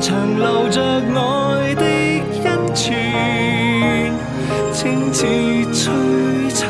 長留着愛的恩泉，清似璀璨。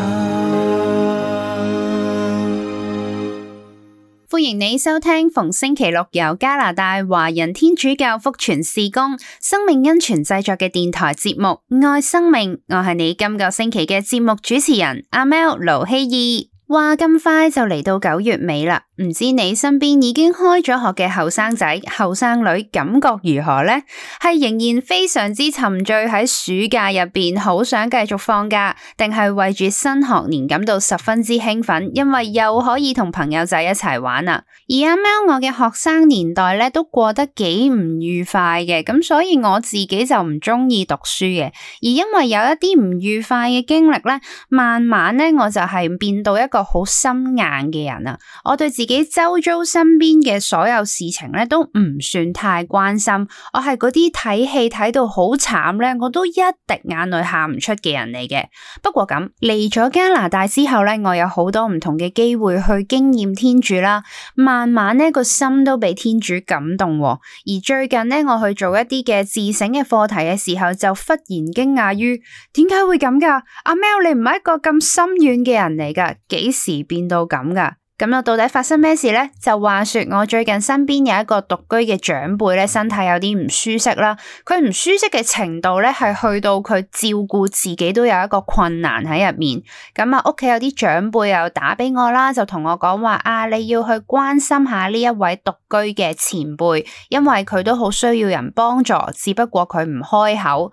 歡迎你收聽逢星期六由加拿大華人天主教福傳事工生命恩泉製作嘅電台節目《愛生命》，我係你今個星期嘅節目主持人阿 Mel 盧希義。話咁快就嚟到九月尾啦。唔知你身邊已經開咗學嘅後生仔、後生女感覺如何呢？係仍然非常之沉醉喺暑假入邊，好想繼續放假，定係為住新學年感到十分之興奮，因為又可以同朋友仔一齊玩啦、啊。而阿喵，我嘅學生年代咧，都過得幾唔愉快嘅，咁所以我自己就唔中意讀書嘅。而因為有一啲唔愉快嘅經歷咧，慢慢咧我就係變到一個好心硬嘅人啊！我對自己。自己周遭身邊嘅所有事情都唔算太關心。我係嗰啲睇戲睇到好慘，我都一滴眼淚喊唔出嘅人嚟嘅。不過咁嚟咗加拿大之後咧，我有好多唔同嘅機會去經驗天主啦，慢慢呢個心都俾天主感動啊。而最近咧，我去做一啲嘅自省嘅課題嘅時候，就忽然驚訝於點解會咁噶？阿 Mel，你唔係一個咁心軟嘅人嚟噶，幾時變到咁噶？咁啊，到底發生咩事呢？就話說，我最近身邊有一個獨居嘅長輩咧，身體有啲唔舒適啦。佢唔舒適嘅程度咧，係去到佢照顧自己都有一個困難喺入面。咁、嗯、啊，屋企有啲長輩又打俾我啦，就同我講話啊，你要去關心下呢一位獨居嘅前輩，因為佢都好需要人幫助，只不過佢唔開口。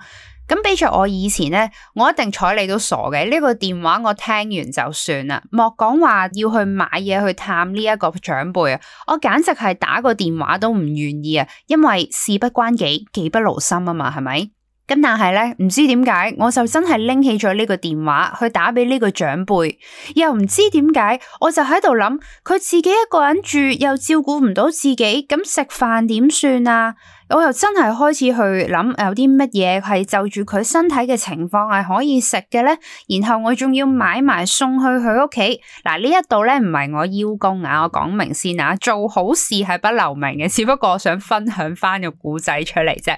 咁比起我以前呢，我一定睬你都傻嘅。呢、這個電話我聽完就算啦，莫講話要去買嘢去探呢一個長輩啊！我簡直係打個電話都唔願意啊，因為事不關己，己不勞心啊嘛，係咪？咁但係呢，唔知點解，我就真係拎起咗呢個電話去打俾呢個長輩，又唔知點解，我就喺度諗，佢自己一個人住，又照顧唔到自己，咁食飯點算啊？我又真係開始去諗有啲乜嘢，係就住佢身體嘅情況係可以食嘅咧，然後我仲要買埋送去佢屋企。嗱，呢一度咧，唔係我邀功啊，我講明先啊，做好事係不留名嘅，只不過我想分享翻個故仔出嚟啫。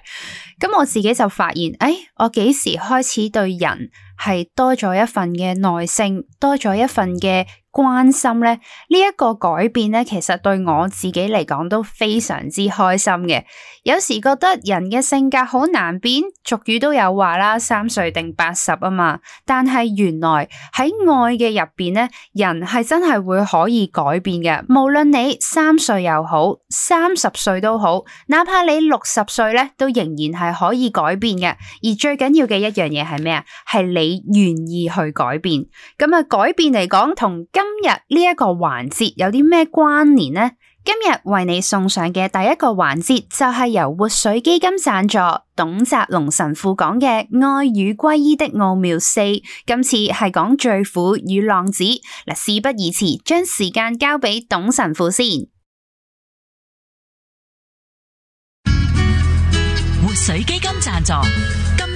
咁我自己就發現，誒、哎，我幾時開始對人係多咗一份嘅耐性，多咗一份嘅。關心咧，呢，呢一個改變咧，其實對我自己嚟講都非常之開心嘅。有時覺得人嘅性格好難變，俗語都有話啦，三歲定八十啊嘛。但係原來喺愛嘅入邊咧，人係真係會可以改變嘅。無論你三歲又好，三十歲都好，哪怕你六十歲咧，都仍然係可以改變嘅。而最緊要嘅一樣嘢係咩啊？係你願意去改變。咁啊，改變嚟講，同今。今日呢一個環節有啲咩關聯呢？今日為你送上嘅第一個環節就係由活水基金贊助，董澤龍神父講嘅《愛與歸依》的奧妙四。今次係講罪婦與浪子。嗱，事不宜遲，將時間交俾董神父先。活水基金贊助，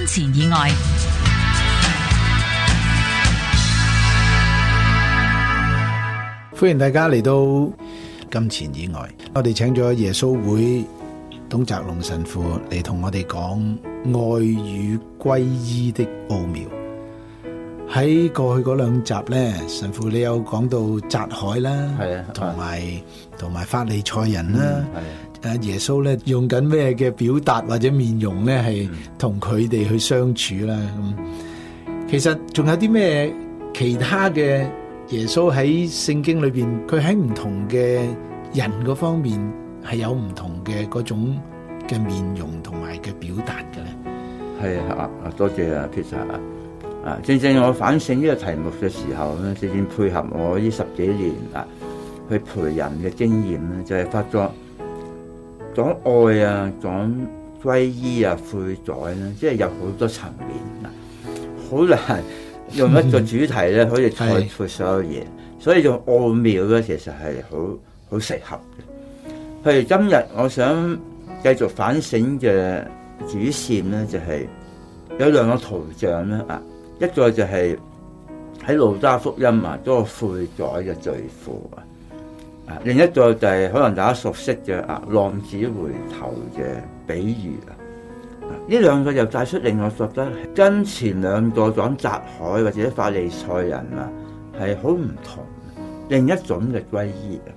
金錢以外。歡迎大家嚟到金錢以外，我哋請咗耶穌會董澤龍神父嚟同我哋講愛與歸依的奧妙。喺過去嗰兩集咧，神父你有講到匝凱啦，係啊，同埋同埋法利賽人啦，係、嗯。誒、啊，耶穌咧用緊咩嘅表達或者面容咧，係同佢哋去相處啦。咁、嗯、其實仲有啲咩其他嘅？耶穌喺聖經裏邊，佢喺唔同嘅人嗰方面係有唔同嘅嗰種嘅面容同埋嘅表達嘅咧。係啊，多謝啊，Peter 啊，正正我反省呢個題目嘅時候咧，正正配合我呢十幾年啊，去陪人嘅經驗咧，就係、是、發作講愛啊，講歸依啊，悔罪咧，即係有好多層面啊，好難。用一個主題咧，可以概括所有嘢，是所以用奧妙咧，其實係好好適合嘅。譬如今日我想繼續反省嘅主線咧，就係、是、有兩個圖像咧，啊，一個就係喺路加福音啊，嗰個悔改嘅罪婦啊，啊，另一個就係可能大家熟悉嘅啊浪子回頭嘅比喻啊。呢兩個又帶出令我覺得，跟前兩個講匝凱或者法利賽人啊，係好唔同。另一種嘅歸依啊，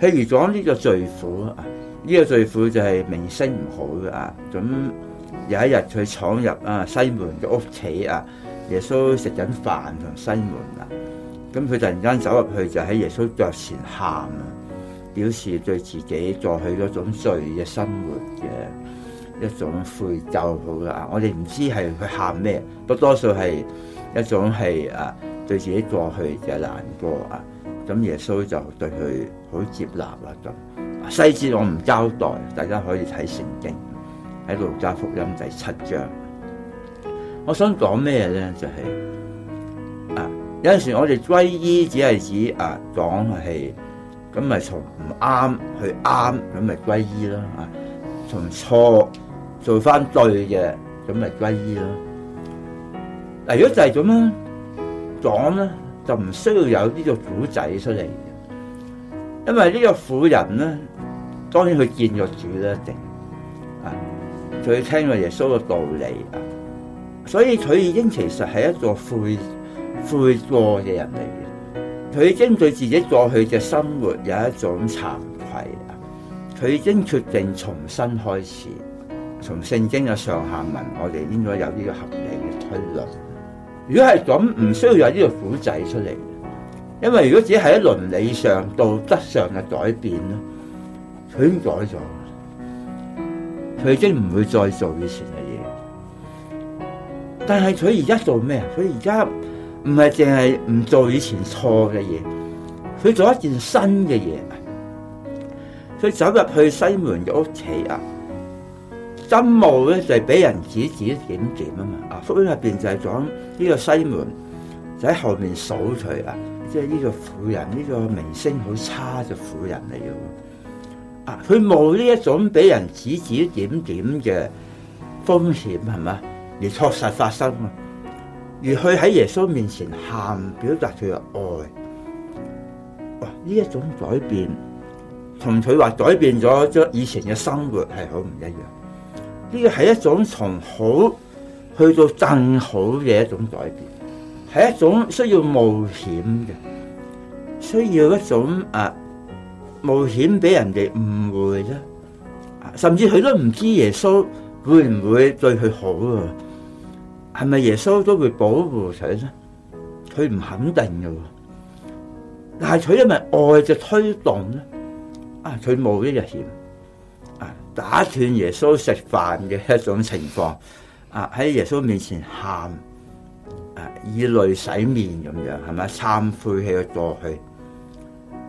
譬如講呢個罪婦啊，呢、這個罪婦就係名聲唔好嘅啊。咁有一日佢闖入啊西門嘅屋企啊，耶穌食緊飯同西門啊，咁佢突然間走入去就喺耶穌腳前喊啊，表示對自己過去嗰種罪嘅生活嘅。一種悔疚好㗎，我哋唔知係佢喊咩，不多數係一種係啊，對自己過去嘅難過啊，咁耶穌就對佢好接納啦咁。細節我唔交代，大家可以睇聖經喺路加福音第七章。我想講咩咧？就係啊，有陣時我哋歸依只係指啊，講係咁咪從唔啱去啱咁咪歸依啦啊，從錯。做翻對嘅，咁咪歸依咯。嗱，如果就係咁樣，講咧就唔需要有呢個古仔出嚟，因為呢個婦人咧，當然佢見咗主咧一定啊，仲要聽過耶穌嘅道理啊。所以佢已經其實係一個悔悔過嘅人嚟嘅。佢已經對自己過去嘅生活有一種慚愧啊。佢已經決定重新開始。從聖經嘅上下文，我哋應該有呢個嘅合理嘅推論。如果係咁，唔需要有呢個古仔出嚟。因為如果只係喺倫理上、道德上嘅改變咧，佢改咗，佢已經唔會再做以前嘅嘢。但係佢而家做咩？佢而家唔係淨係唔做以前錯嘅嘢，佢做一件新嘅嘢。佢走入去西門嘅屋企啊！針無咧就係俾人指指點點啊嘛！啊，福音入邊就係講呢個西門就喺後面數佢啊，即係呢個婦人呢個名聲好差嘅婦人嚟嘅。啊，佢冒呢一種俾人指指點點嘅風險係嘛？而確實發生啊，而佢喺耶穌面前喊，表達佢嘅愛。啊，呢一種改變同佢話改變咗將以前嘅生活係好唔一樣。呢個係一種從好去到更好嘅一種改變，係一種需要冒險嘅，需要一種啊冒險俾人哋誤會啦，甚至佢都唔知耶穌會唔會對佢好喎？係咪耶穌都會保護佢咧？佢唔肯定嘅，但係佢因為愛就推動咧，啊佢冇呢個險。打斷耶穌食飯嘅一種情況，啊喺耶穌面前喊，啊以淚洗面咁樣，係咪懺悔去過去？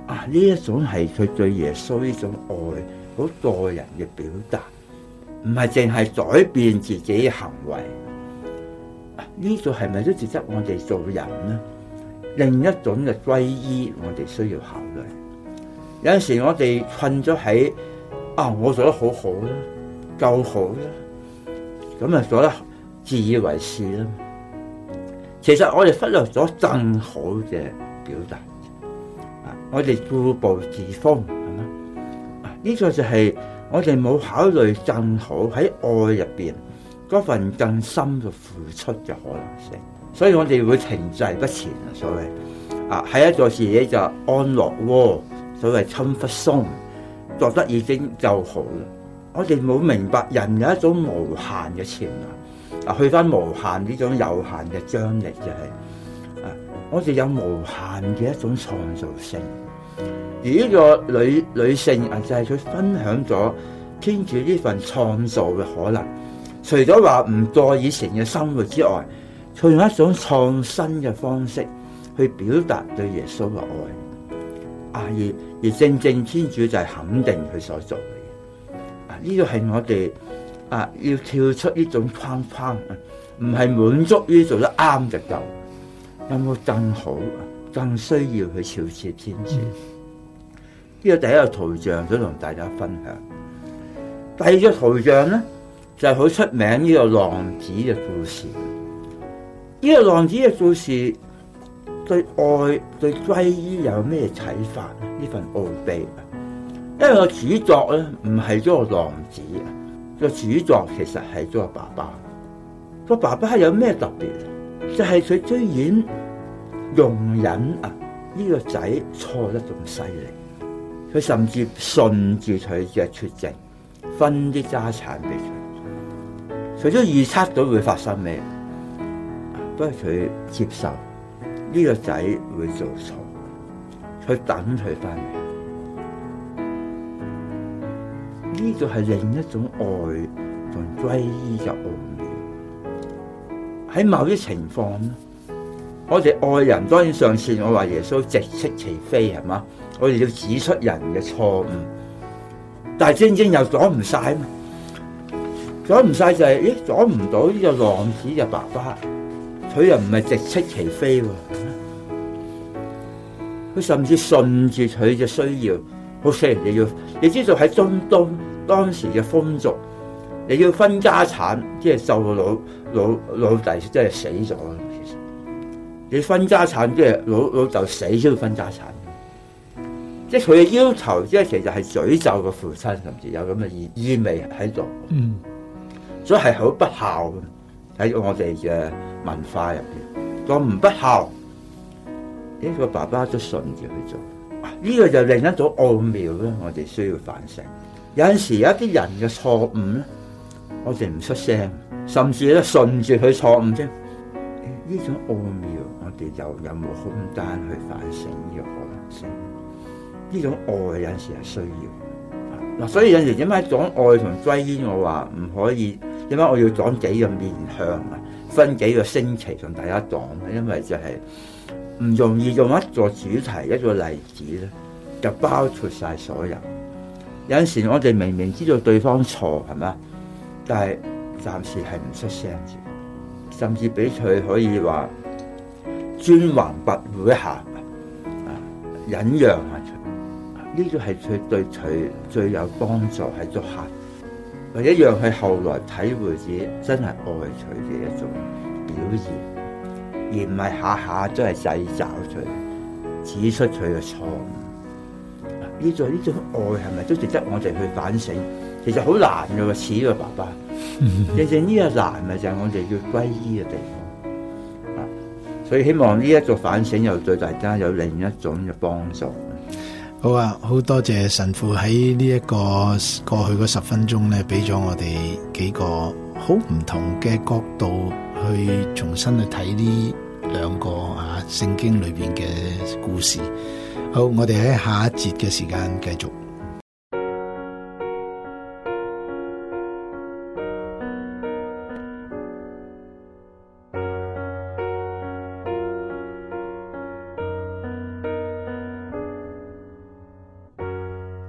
啊呢一種係佢對耶穌呢種愛，好待人嘅表達，唔係淨係改變自己嘅行為。呢度係咪都值得我哋做人呢？另一種嘅歸依，我哋需要考慮。有陣時我哋困咗喺。啊！我做得好好啦，夠好啦，咁啊做得自以為是啦。其實我哋忽略咗更好嘅表達，啊、我哋固步自封，咁呢、啊這個就係我哋冇考慮更好喺愛入邊嗰份更深嘅付出嘅可能性，所以我哋會停滯不前啊！所謂啊，喺一座事，咧就安樂窩，wall, 所謂 comfort zone。做得已經就好啦。我哋冇明白，人有一種無限嘅潛能，啊，去翻無限呢種有限嘅張力就係、是、啊，我哋有無限嘅一種創造性。而呢個女女性啊，就係佢分享咗天主呢份創造嘅可能。除咗話唔再以前嘅生活之外，佢用一種創新嘅方式去表達對耶穌嘅愛。啊！而而正正天主就係肯定佢所做嘅，啊呢、這個係我哋啊要跳出呢種框框，唔係滿足於做得啱就夠，有冇更好？更需要去超越天主。呢、嗯、個第一個圖像想同大家分享。第二個圖像咧就係、是、好出名呢個浪子嘅故事。呢、這個浪子嘅故事。對愛對歸依有咩啟發呢份奧秘，啊？因為個主作咧唔係咗個浪子啊，這個主作其實係咗個爸爸。個爸爸有咩特別？就係佢雖然容忍啊呢個仔錯得仲犀利，佢甚至順住佢嘅出征分啲家產俾佢。除咗預測到會發生咩，不過佢接受。呢個仔會做錯，去等佢翻嚟。呢、這個係另一種愛同歸依嘅奧妙。喺某啲情況，我哋愛人當然上次我話耶穌直斥其非係嘛，我哋要指出人嘅錯誤。但係正正又阻唔晒，阻唔晒就係、是、咦，阻唔到呢個浪子嘅爸爸，佢又唔係直斥其非喎。佢甚至順住佢嘅需要，好死人又要，你知道喺中東當時嘅風俗，你要分家產，即係就老老老弟，即係死咗，你分家產即係老老豆死先要分家產，即係佢嘅要求，即係其實係詛咒個父親，甚至有咁嘅意味喺度，嗯，所以係好不孝喎，喺我哋嘅文化入邊，講唔不孝。呢個爸爸都順住去做，呢、啊這個就另一種奧妙啦。我哋需要反省。有陣時有一啲人嘅錯誤咧，我哋唔出聲，甚至咧順住佢錯誤啫。呢、啊、種奧妙，我哋就有冇空間去反省呢、這個可能性？呢種愛有陣時係需要。嗱、啊，所以有陣時點解講愛同歸依我話唔可以？點解我要講幾個面向啊？分幾個星期同大家講，因為就係、是。唔容易用一個主題、一個例子咧，就包括晒所有人。有陣時我哋明明知道對方錯，係嘛？但係暫時係唔出聲甚至俾佢可以話專橫跋扈一下，忍、啊、讓下佢。呢個係佢對佢最有幫助，係做客。或者讓佢後來體會住真係愛佢嘅一種表現。而唔係下下都係細找出指出佢嘅錯誤，呢種呢種愛係咪都值得我哋去反省？其實好難㗎喎，似呢個爸爸， 正正呢個難咪就係我哋要歸依嘅地方啊，所以希望呢一個反省又對大家有另一種嘅幫助。好啊，好多謝神父喺呢一個過去嗰十分鐘咧，俾咗我哋幾個好唔同嘅角度。去重新去睇呢兩個啊聖經裏邊嘅故事。好，我哋喺下一節嘅時間繼續。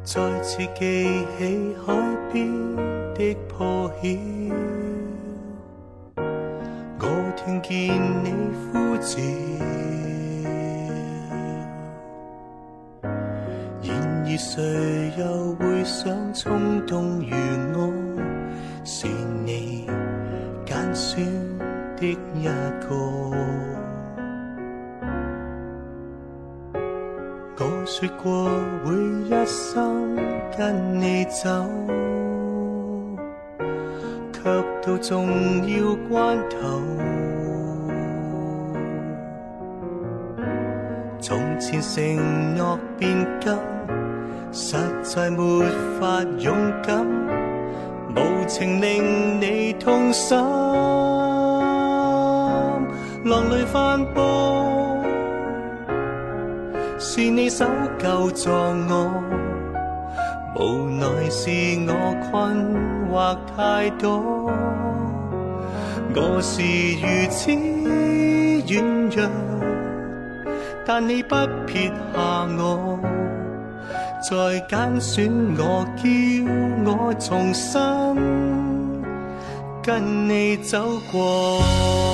再次記起海邊的破曉。見你枯焦，然而誰又會想衝動如我？是你揀選的一個。我説過會一生跟你走，卻到重要關頭。從前承諾變更，實在沒法勇敢，無情令你痛心。浪裡翻波，是你手救助我，無奈是我困惑太多，我是如此軟弱。但你不撇下我，再揀選我，叫我重新跟你走過。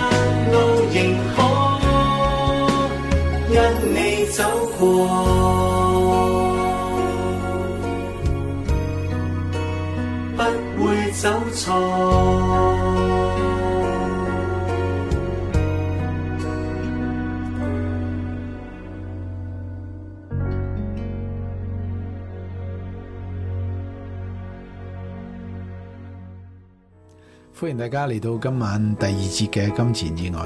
歡迎大家嚟到今晚第二節嘅金錢意外，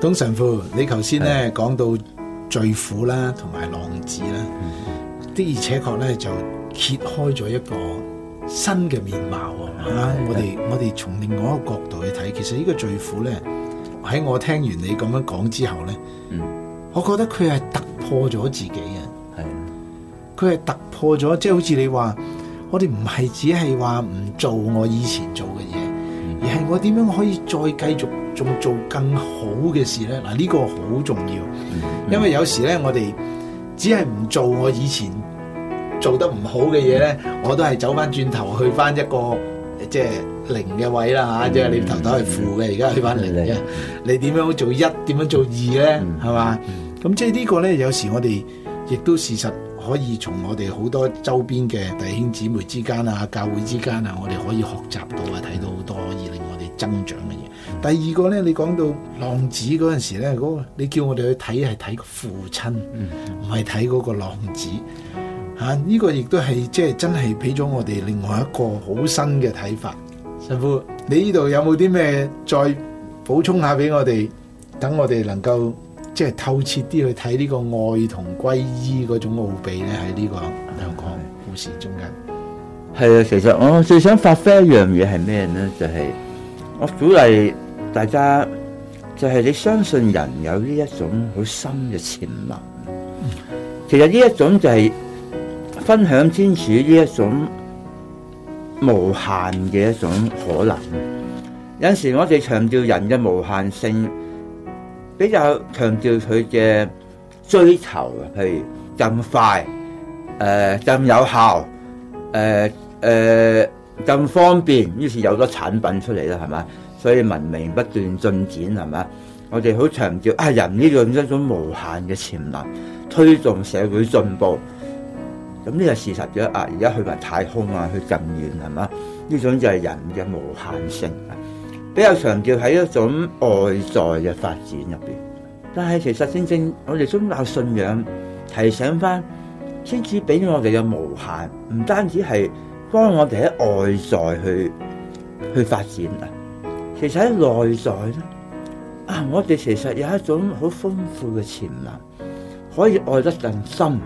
董神父，你頭先咧講到罪苦啦，同埋浪子啦，的、嗯、而且確咧就揭開咗一個新嘅面貌的啊！我哋我哋從另外一個角度去睇，其實個呢個罪苦咧，喺我聽完你咁樣講之後咧，嗯，我覺得佢係突破咗自己嘅，係佢係突破咗，即係好似你話，我哋唔係只係話唔做我以前做嘅嘢，嗯、而係我點樣可以再繼續仲做更好嘅事咧？嗱，呢個好重要，嗯嗯、因為有時咧，我哋只係唔做我以前。做得唔好嘅嘢呢，我都係走翻轉頭去翻一個即係零嘅位啦嚇，即係、嗯、你頭頭係負嘅，而家去翻零嘅。的你點樣做一？點樣做二呢？係嘛？咁即係呢個呢，有時我哋亦都事實可以從我哋好多周邊嘅弟兄姊妹之間啊、教會之間啊，我哋可以學習到啊，睇到好多可以令我哋增長嘅嘢。第二個呢，你講到浪子嗰陣時呢，嗰、嗰個你叫我哋去睇係睇父親，唔係睇嗰個浪子。啊！呢個亦都係即係真係俾咗我哋另外一個好新嘅睇法。神父，你呢度有冇啲咩再補充下俾我哋，等我哋能夠即係透徹啲去睇呢個愛同歸依嗰種奧秘咧？喺呢個兩個故事中間，係啊！其實我最想發揮一樣嘢係咩咧？就係我鼓勵大家，就係你相信人有呢一種好深嘅潛能。其實呢一種就係。分享天主呢一種無限嘅一種可能，有時我哋強調人嘅無限性，比較強調佢嘅追求，譬如咁快，誒、呃、咁有效，誒誒咁方便，於是有咗產品出嚟啦，係咪？所以文明不斷進展，係咪？我哋好強調啊人呢種一種無限嘅潛能，推動社會進步。咁呢個事實咗啊！而家去埋太空啊，去更遠，係嘛？呢種就係人嘅無限性啊，比較強調喺一種外在嘅發展入邊。但係其實正正我哋宗教信仰提醒翻，先至俾我哋嘅無限，唔單止係幫我哋喺外在去去發展啊。其實喺內在咧，啊，我哋其實有一種好豐富嘅潛能，可以愛得更深。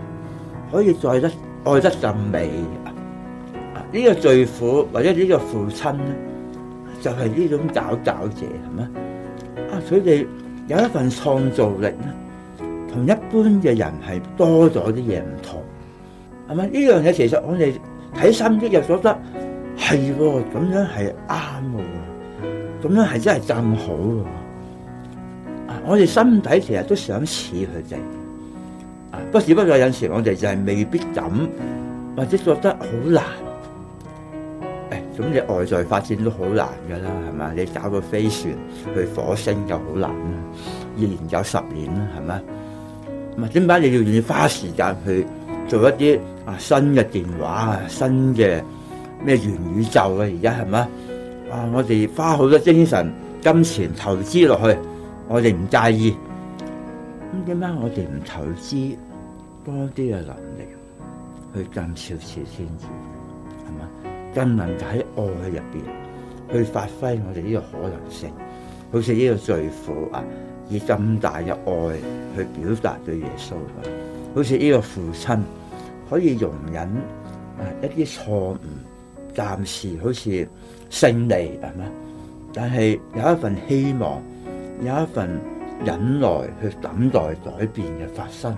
可以再得愛得更美，啊這個，呢個罪苦或者呢個父親咧，就係、是、呢種佼佼者係嗎？啊，佢哋有一份創造力咧，同一般嘅人係多咗啲嘢唔同，係嗎？呢樣嘢其實我哋睇深啲就覺得係喎，咁樣係啱喎，咁樣係真係咁好喎、啊。我哋心底其實都想似佢哋。不過，只不過有陣時，我哋就係未必噉，或者覺得好難。誒、哎，咁你外在發展都好難㗎喇，係咪？你搞個飛船去火星就好難啦，要研究十年啦，係咪？咁點解你要願意花時間去做一啲啊新嘅電話啊、新嘅咩元宇宙啊？而家係咪？啊，我哋花好多精神、金錢投資落去，我哋唔介意。咁點解我哋唔投資？多啲嘅能力去更少少先至，係嘛？更能喺愛入邊去發揮我哋呢個可能性。好似呢個罪婦啊，以咁大嘅愛去表達對耶穌，好似呢個父親可以容忍啊一啲錯誤，暫時好似勝利係嘛？但係有一份希望，有一份忍耐去等待改變嘅發生。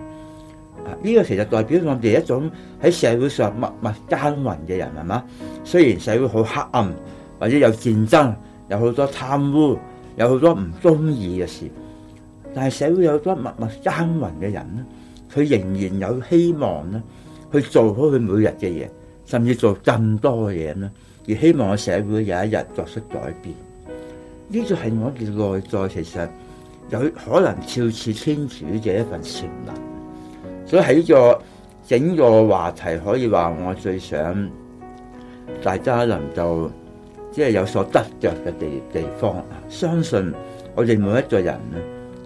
呢個其實代表我哋一種喺社會上默默耕耘嘅人係嘛？雖然社會好黑暗，或者有戰爭，有好多貪污，有好多唔鍾意嘅事，但係社會有好多默默耕耘嘅人咧，佢仍然有希望咧，去做好佢每日嘅嘢，甚至做更多嘅嘢咧，而希望個社會有一日作出改變。呢個係我哋內在其實有可能肖似天主嘅一份承諾。所以喺呢個整個話題，可以話我最想大家能夠即係有所得着嘅地地方。相信我哋每一個人咧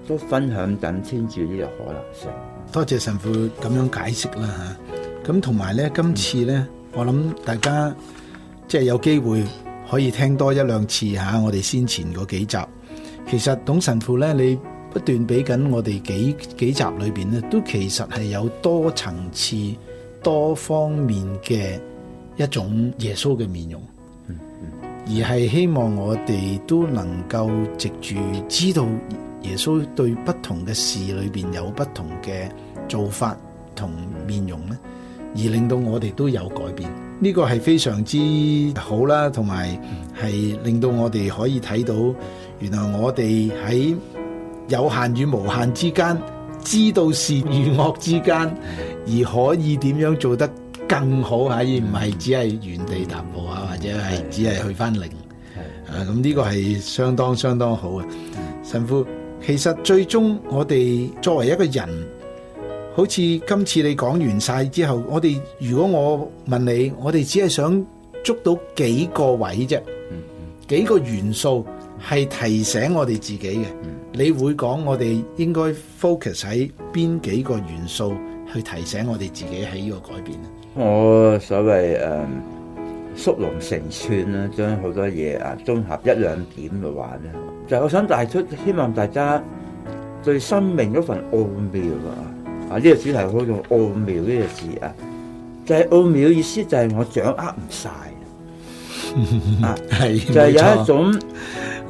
都分享緊天主呢個可能性。多謝神父咁樣解釋啦嚇，咁同埋咧，今次咧，我諗大家即係有機會可以聽多一兩次嚇，啊，我哋先前嗰幾集。其實董神父咧，你。不斷俾緊我哋幾幾集裏邊咧，都其實係有多層次、多方面嘅一種耶穌嘅面容，嗯嗯、而係希望我哋都能夠藉住知道耶穌對不同嘅事裏邊有不同嘅做法同面容咧，而令到我哋都有改變。呢、呢個係非常之好啦，同埋係令到我哋可以睇到原來我哋喺，有限與無限之間，知道善與惡之間， 而可以點樣做得更好吓，嗯、而唔係只係原地踏步啊，或者係只係去翻零。啊、嗯，咁呢個係相當相當好啊！的神父，其實最終我哋作為一個人，好似今次你講完晒之後，我哋如果我問你，我哋只係想捉到幾個位啫，幾個元素。係提醒我哋自己嘅，你會講我哋應該 focus 喺邊幾個元素去提醒我哋自己喺呢個改變咧？我所謂誒、呃、縮龍成寸啦，將好多嘢啊綜合一兩點嘅話啦。就是，我想帶出，希望大家對生命嗰份奧妙啊。啊、這、呢個主題可以用奧妙呢個字啊，就係、是，奧妙意思就係我掌握唔晒。啊，係 是就係有一種，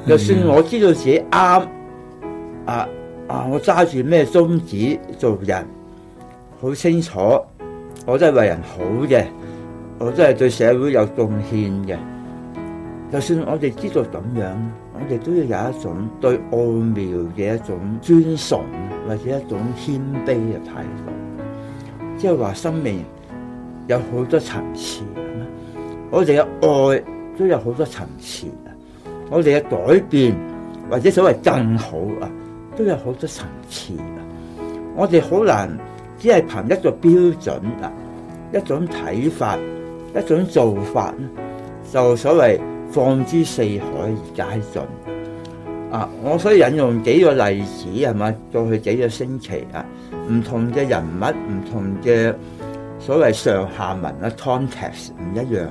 就 算我知道自己啱， 啊啊，我揸住咩宗旨做人，好清楚，我真係為人好嘅，我真係對社會有貢獻嘅。就算我哋知道咁樣，我哋都要有一種對奧妙嘅一種尊崇，或者一種謙卑嘅態度。即係話生命有好多層次。我哋嘅愛都有好多層次啊！我哋嘅改變或者所謂更好啊，都有好多層次啊！我哋好難只係憑一個標準啊，一種睇法、一種做法，咧就所謂放之四海而皆準啊！我所以引用幾個例子係嘛，過去幾個星期啊，唔同嘅人物、唔同嘅所謂上下文啊，context 唔一樣。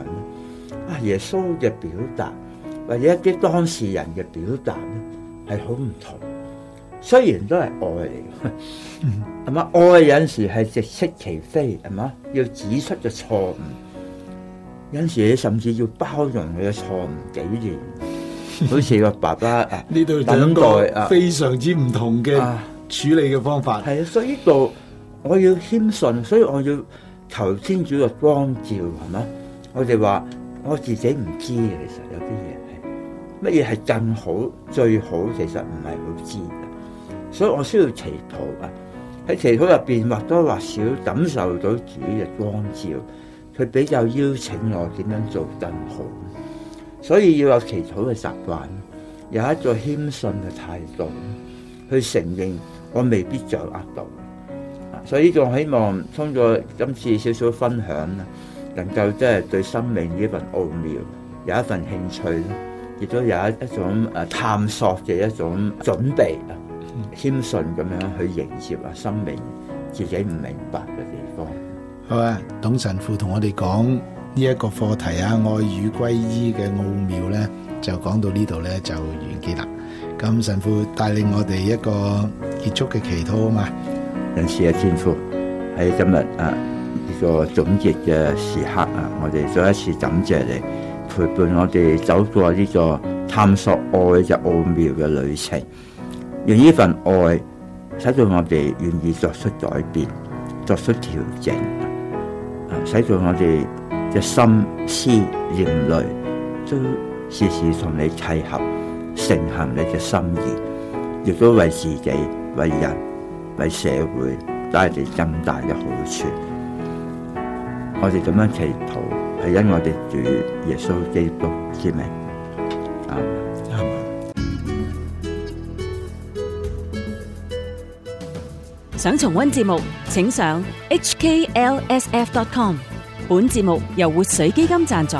阿耶穌嘅表達或者一啲當事人嘅表達咧，係好唔同。雖然都係愛嚟，係嘛、嗯？愛有時係直斥其非，係嘛？要指出嘅錯誤，有時甚至要包容佢嘅錯誤幾年。好似個爸爸呢對兩個非常之唔同嘅處理嘅方法。係啊，啊，所以呢度我要謙遜，所以我要求天主嘅光照，係嘛？我哋話。我自己唔知，其實有啲嘢係乜嘢係更好最好，其實唔係好知，所以我需要祈禱啊！喺祈禱入邊或多或少感受到主嘅光照，佢比較邀請我點樣做更好，所以要有祈禱嘅習慣，有一個謙信嘅態度，去承認我未必掌握到，所以仲希望通過今次少少分享啊！能夠即係對生命呢份奧妙有一份興趣，亦都有一一種誒探索嘅一種準備，謙遜咁樣去迎接啊，生命自己唔明白嘅地方。好啊，董神父同我哋講呢一個課題啊，愛與歸依嘅奧妙咧，就講到呢度咧就完結啦。咁神父帶領我哋一個結束嘅祈禱啊嘛。仁慈嘅天父，喺今日啊。個總結嘅時刻啊，我哋再一次感謝你陪伴我哋走過呢個探索愛嘅奧妙嘅旅程，用呢份愛使到我哋願意作出改變、作出調整，使到我哋嘅心思言慮都時時同你契合，承行你嘅心意，亦都為自己、為人、為社會帶嚟更大嘅好處。我哋咁樣祈禱，係因我哋主耶穌基督之名。阿們。想重溫節目，請上 hklsf.com。本節目由活水基金贊助。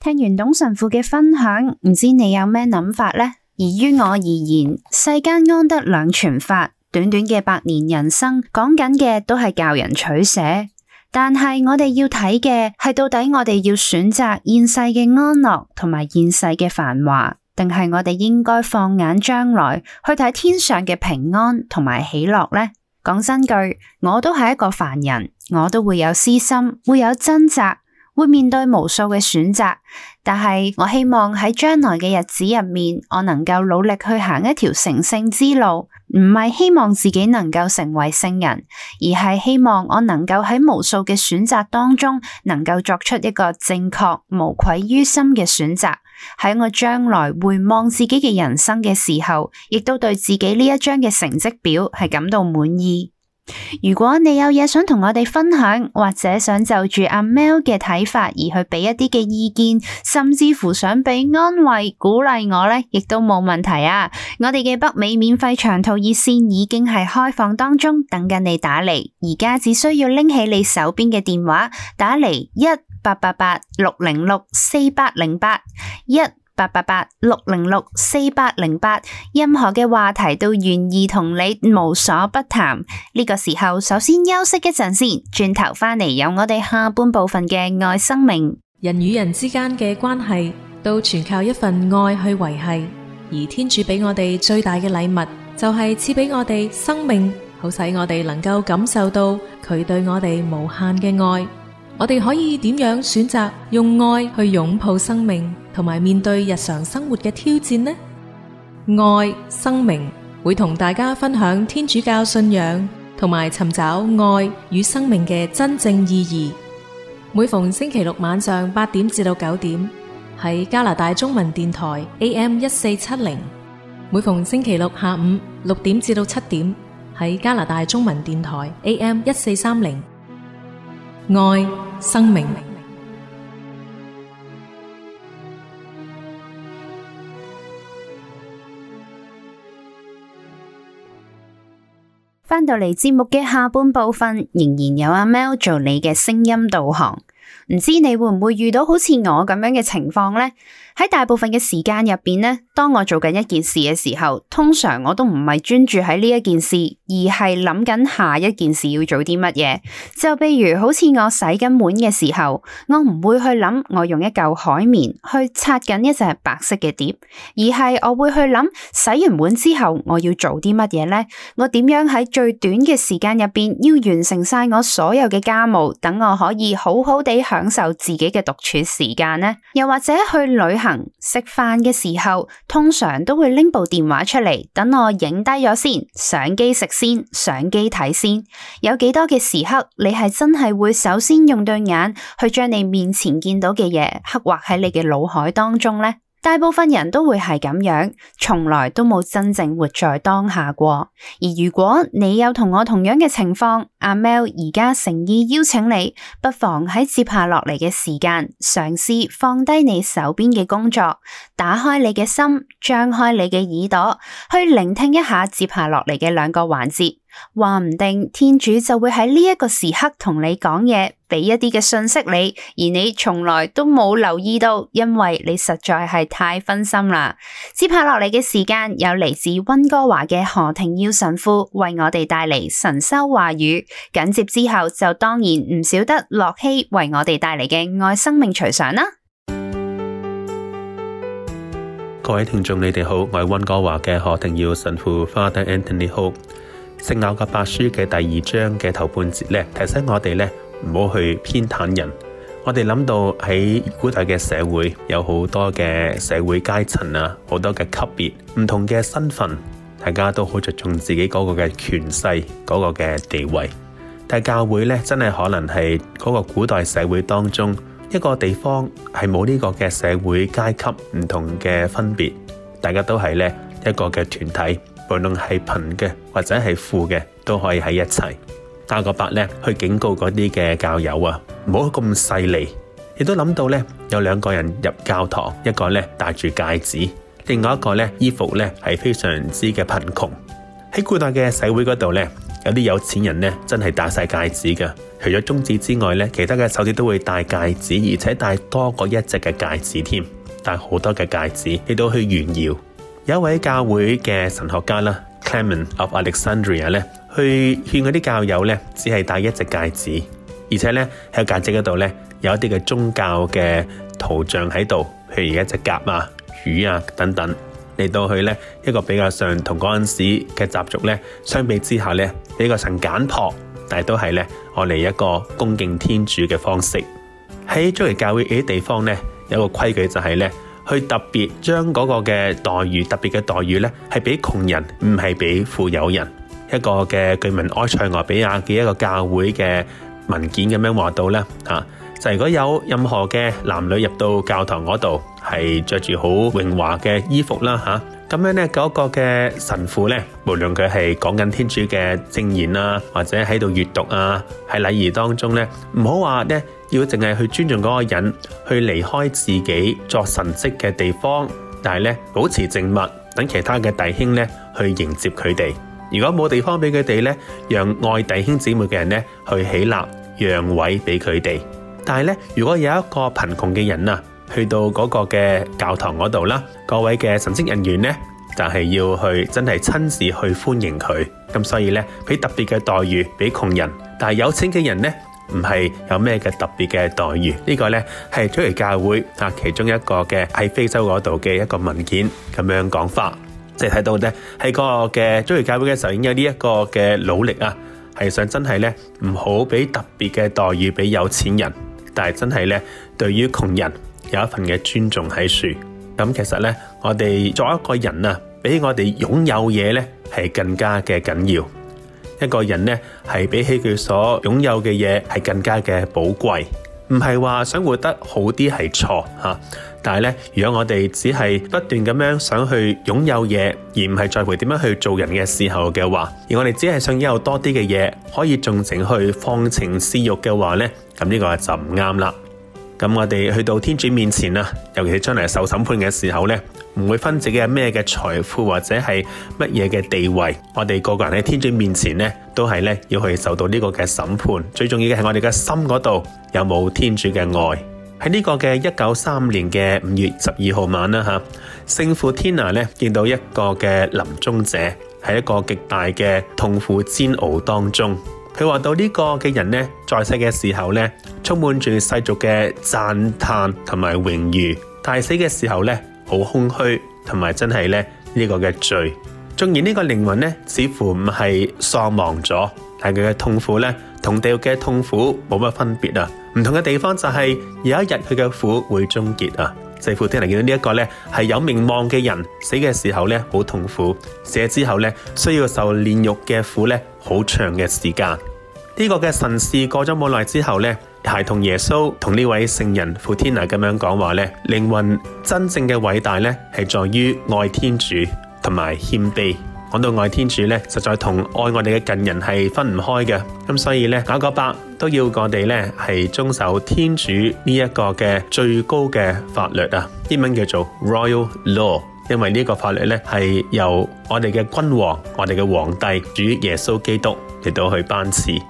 聽完董神父嘅分享，唔知你有咩諗法呢？而於我而言，世間安得兩全法，短短嘅百年人生，講緊嘅都係教人取捨。但係我哋要睇嘅係到底我哋要選擇現世嘅安樂同埋現世嘅繁華，定係我哋應該放眼將來去睇天上嘅平安同埋喜樂呢？講真句，我都係一個凡人，我都會有私心，會有掙扎，會面對無數嘅選擇。但係我希望喺將來嘅日子入面，我能夠努力去行一條成聖之路。唔係希望自己能夠成為聖人，而係希望我能夠喺無數嘅選擇當中，能夠作出一個正確、無愧於心嘅選擇。喺我將來回望自己嘅人生嘅時候，亦都對自己呢一張嘅成績表係感到滿意。如果你有嘢想同我哋分享，或者想就住阿 Mel 嘅睇法而去俾一啲嘅意見，甚至乎想俾安慰、鼓勵我咧，亦都冇問題啊！我哋嘅北美免費長途熱線已經係開放當中，等緊你打嚟。而家只需要拎起你手邊嘅電話，打嚟一八八八六零六四八零八一。八八八六零六四八零八，任何嘅話題都願意同你無所不談。呢個時候，首先休息一陣先，轉頭翻嚟有我哋下半部分嘅愛生命。人與人之間嘅關係，都全靠一份愛去維繫。而天主俾我哋最大嘅禮物，就係賜俾我哋生命，好使我哋能夠感受到佢對我哋無限嘅愛。我哋可以點樣選擇用愛去擁抱生命？同埋面對日常生活嘅挑戰呢？愛生命會同大家分享天主教信仰同埋尋找愛與生命嘅真正意義。每逢星期六晚上八點至到九點喺加拿大中文電台 AM 一四七零；每逢星期六下午六點至到七點喺加拿大中文電台 AM 一四三零。愛生命。翻到嚟節目嘅下半部分，仍然有阿、啊、Mel 做你嘅聲音導航，唔知你會唔會遇到好似我咁樣嘅情況咧？喺大部分嘅時間入邊呢，當我做緊一件事嘅時候，通常我都唔係專注喺呢一件事，而係諗緊下一件事要做啲乜嘢。就譬如好似我洗緊碗嘅時候，我唔會去諗我用一嚿海綿去擦緊一隻白色嘅碟，而係我會去諗洗完碗之後我要做啲乜嘢呢？我點樣喺最短嘅時間入邊要完成晒我所有嘅家務，等我可以好好地享受自己嘅獨處時間呢？又或者去旅行。食飯嘅時候，通常都會拎部電話出嚟，等我影低咗先，相機食先，相機睇先。有幾多嘅時刻，你係真係會首先用對眼去將你面前見到嘅嘢刻畫喺你嘅腦海當中咧？大部分人都會係咁樣，從來都冇真正活在當下過。而如果你有同我同樣嘅情況，阿 Mel 而家誠意邀請你，不妨喺接下落嚟嘅時間，嘗試放低你手邊嘅工作，打開你嘅心，張開你嘅耳朵，去聆聽一下接下落嚟嘅兩個環節。話唔定天主就會喺呢一個時刻同你講嘢，俾一啲嘅信息你，而你從來都冇留意到，因為你實在係太分心啦。接下落嚟嘅時間有嚟自溫哥華嘅何庭耀神父，為我哋帶嚟神修話語，緊接之後就當然唔少得駱曦為我哋帶嚟嘅愛生命隨想啦。各位聽眾，你哋好，我係溫哥華嘅何庭耀神父 Father Anthony Ho。聖雅各伯書嘅第二章嘅頭半節咧，提醒我哋咧唔好去偏袒人。我哋諗到喺古代嘅社會，有好多嘅社會階層啊，好多嘅級別，唔同嘅身份，大家都好着重自己嗰個嘅權勢，嗰個嘅地位。但教會咧，真係可能係嗰個古代社會當中一個地方係冇呢個嘅社會階級，唔同嘅分別，大家都係咧一個嘅團體。無論係貧嘅或者係富嘅，都可以喺一齊。但個伯呢，去警告嗰啲嘅教友啊，唔好咁勢利。亦都諗到咧，有兩個人入教堂，一個咧戴住戒指，另外一個咧衣服咧係非常之嘅貧窮。喺古代嘅社會嗰度咧，有啲有錢人咧真係戴晒戒指噶，除咗中指之外咧，其他嘅手指都會戴戒指，而且戴多過一隻嘅戒指添，戴好多嘅戒指，亦都去炫耀。有一位教會嘅神學家啦，Clement of Alexandria，去勸嗰啲教友咧，只係戴一隻戒指，而且呢，喺戒指嗰度咧，有一啲嘅宗教嘅圖像喺度，譬如一隻鴿啊、魚啊等等，嚟到去呢，一個比較上同嗰陣時嘅習俗呢，相比之下呢，呢個神簡樸，但係都係呢，我哋一個恭敬天主嘅方式。喺早期教會啲地方呢，有一個規矩就係呢。去特別將嗰個嘅待遇特別嘅待遇呢，係俾窮人，唔係俾富有人。一個嘅據聞埃塞俄比亞嘅一個教會嘅文件咁樣話到咧嚇、啊，就如果有任何嘅男女入到教堂嗰度係着住好榮華嘅衣服啦嚇，咁、啊、樣呢，嗰、那個嘅神父呢，無論佢係講緊天主嘅正言啊，或者喺度閲讀啊，喺禮儀當中呢，唔好話咧。要淨係去尊重嗰個人，去離開自己作神職嘅地方，但係咧保持靜默，等其他嘅弟兄咧去迎接佢哋。如果冇地方俾佢哋咧，讓愛弟兄姊妹嘅人咧去起立讓位俾佢哋。但係咧，如果有一個貧窮嘅人啊，去到嗰個嘅教堂嗰度啦，各位嘅神職人員咧就係要去真係親自去歡迎佢。咁所以咧俾特別嘅待遇俾窮人，但係有錢嘅人咧。唔係有咩嘅特別嘅待遇，這個、呢個咧係土耳其教會啊，其中一個嘅喺非洲嗰度嘅一個文件咁樣講法，即係睇到咧喺個嘅土耳其教會嘅時候，已經有呢一個嘅努力啊，係想真係咧唔好俾特別嘅待遇俾有錢人，但係真係咧對於窮人有一份嘅尊重喺處。咁、嗯、其實咧，我哋作為一個人啊，比我哋擁有嘢咧係更加嘅緊要。一個人呢，係比起佢所擁有嘅嘢係更加嘅寶貴，唔係話想活得好啲係錯，但係呢，如果我哋只係不斷咁樣想去擁有嘢，而唔係在乎點樣去做人嘅時候嘅話，而我哋只係想有多啲嘅嘢，可以盡情去放情私欲嘅話呢，咁呢個就唔啱啦。咁我哋去到天主面前啊，尤其是將來受審判嘅時候咧，唔會分自己係咩嘅財富或者係乜嘢嘅地位，我哋個個人喺天主面前咧，都係咧要去受到呢個嘅審判。最重要嘅係我哋嘅心嗰度有冇天主嘅愛。喺呢個嘅一九三五年嘅五月十二號晚啦吓，聖父天娜咧見到一個嘅臨終者，喺一個極大嘅痛苦煎熬當中。佢話到這個呢個嘅人咧，在世嘅時候咧，充滿住世俗嘅讚歎同埋榮譽；但死嘅時候呢，好空虛，同埋真係咧呢、這個嘅罪。縱然呢個靈魂呢，似乎唔係喪亡咗，但係佢嘅痛苦呢，同地獄嘅痛苦冇乜分別啊！唔同嘅地方就係有一日佢嘅苦會終結啊！傅天娜見到呢一個咧，係有名望嘅人，死嘅時候咧好痛苦，死咗之後咧需要受煉獄嘅苦咧，好長嘅時間。呢、這個嘅神事過咗冇耐之後咧，係同耶穌同呢位聖人傅天娜咁樣講話咧，靈魂真正嘅偉大咧係在於愛天主同埋謙卑。講到愛天主咧，實在同愛我哋嘅近人係分唔開嘅。咁所以咧，雅各伯都要我哋咧係遵守天主呢一個嘅最高嘅法律啊。英文叫做 Royal Law，因為呢個法律咧係由我哋嘅君王、我哋嘅皇帝主耶穌基督嚟到去頒賜。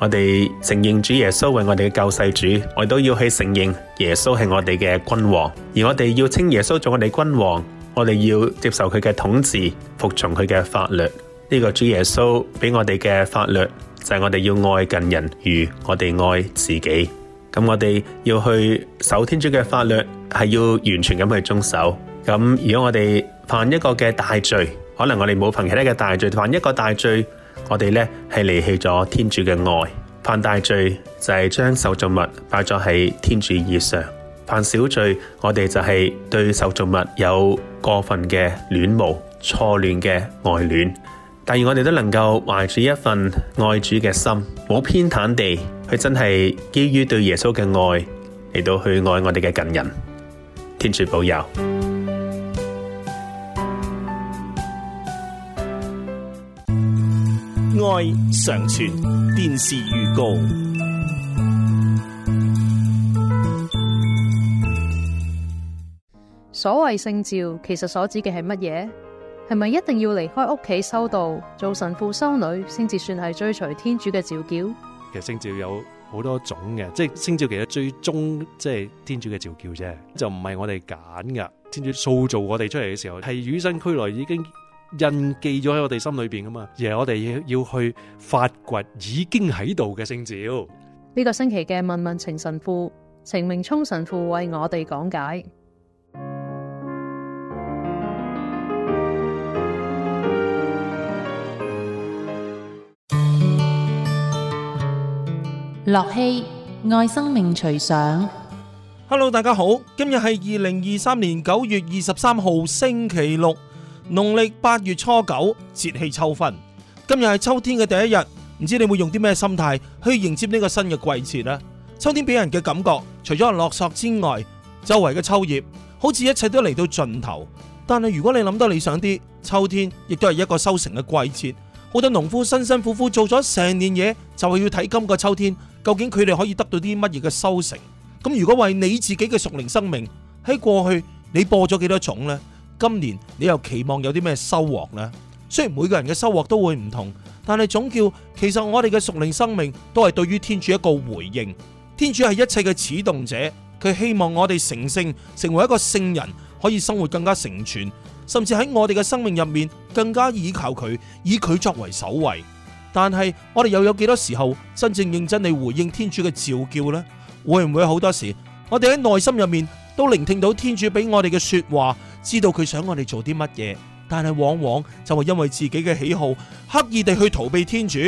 我哋承認主耶穌為我哋嘅救世主，我都要去承認耶穌係我哋嘅君王，而我哋要稱耶穌做我哋君王。我哋要接受佢嘅統治，服從佢嘅法律。呢、這個主耶穌俾我哋嘅法律就係、是、我哋要愛近人如我哋愛自己。咁我哋要去守天主嘅法律，係要完全咁去遵守。咁如果我哋犯一個嘅大罪，可能我哋冇犯其他嘅大罪，犯一個大罪，我哋咧係離棄咗天主嘅愛。犯大罪就係、是、將受造物擺咗喺天主以上。犯小罪，我哋就係對受造物有過分嘅戀慕、錯亂嘅愛戀。但願我哋都能夠懷住一份愛主嘅心，冇偏袒地，佢真係基於對耶穌嘅愛嚟到去愛我哋嘅近人。天主保佑。愛常傳電視預告。所謂聖召，其實所指嘅係乜嘢？係咪一定要離開屋企修道、做神父修女先至算係追隨天主嘅召叫？其實聖召有好多種嘅，即係聖召其實最終即係天主嘅召叫啫，就唔係我哋揀噶。天主塑造我哋出嚟嘅時候，係與生俱來已經印記咗喺我哋心裏邊噶嘛，而係我哋要要去發掘已經喺度嘅聖召。呢個星期嘅問問情神父程明聰神父為我哋講解。駱曦愛生命隨想，Hello，大家好，今日係二零二三年九月二十三號星期六，農曆八月初九，節氣秋分。今日係秋天嘅第一日，唔知你會用啲咩心態去迎接呢個新嘅季節呢？秋天俾人嘅感覺，除咗落索之外，周圍嘅秋葉好似一切都嚟到盡頭。但係如果你諗得理想啲，秋天亦都係一個收成嘅季節，好多農夫辛辛苦苦做咗成年嘢，就係要睇今個秋天。究竟佢哋可以得到啲乜嘢嘅收成？咁如果為你自己嘅屬靈生命，喺過去你播咗幾多種呢？今年你又期望有啲咩收穫呢？雖然每個人嘅收穫都會唔同，但係總叫其實我哋嘅屬靈生命都係對於天主一個回應。天主係一切嘅始動者，佢希望我哋成聖，成為一個聖人，可以生活更加成全，甚至喺我哋嘅生命入面更加依靠佢，以佢作為守衛。但係我哋又有幾多時候真正認真地回應天主嘅召叫呢？會唔會好多時我哋喺內心入面都聆聽到天主俾我哋嘅說話，知道佢想我哋做啲乜嘢？但係往往就係因為自己嘅喜好，刻意地去逃避天主。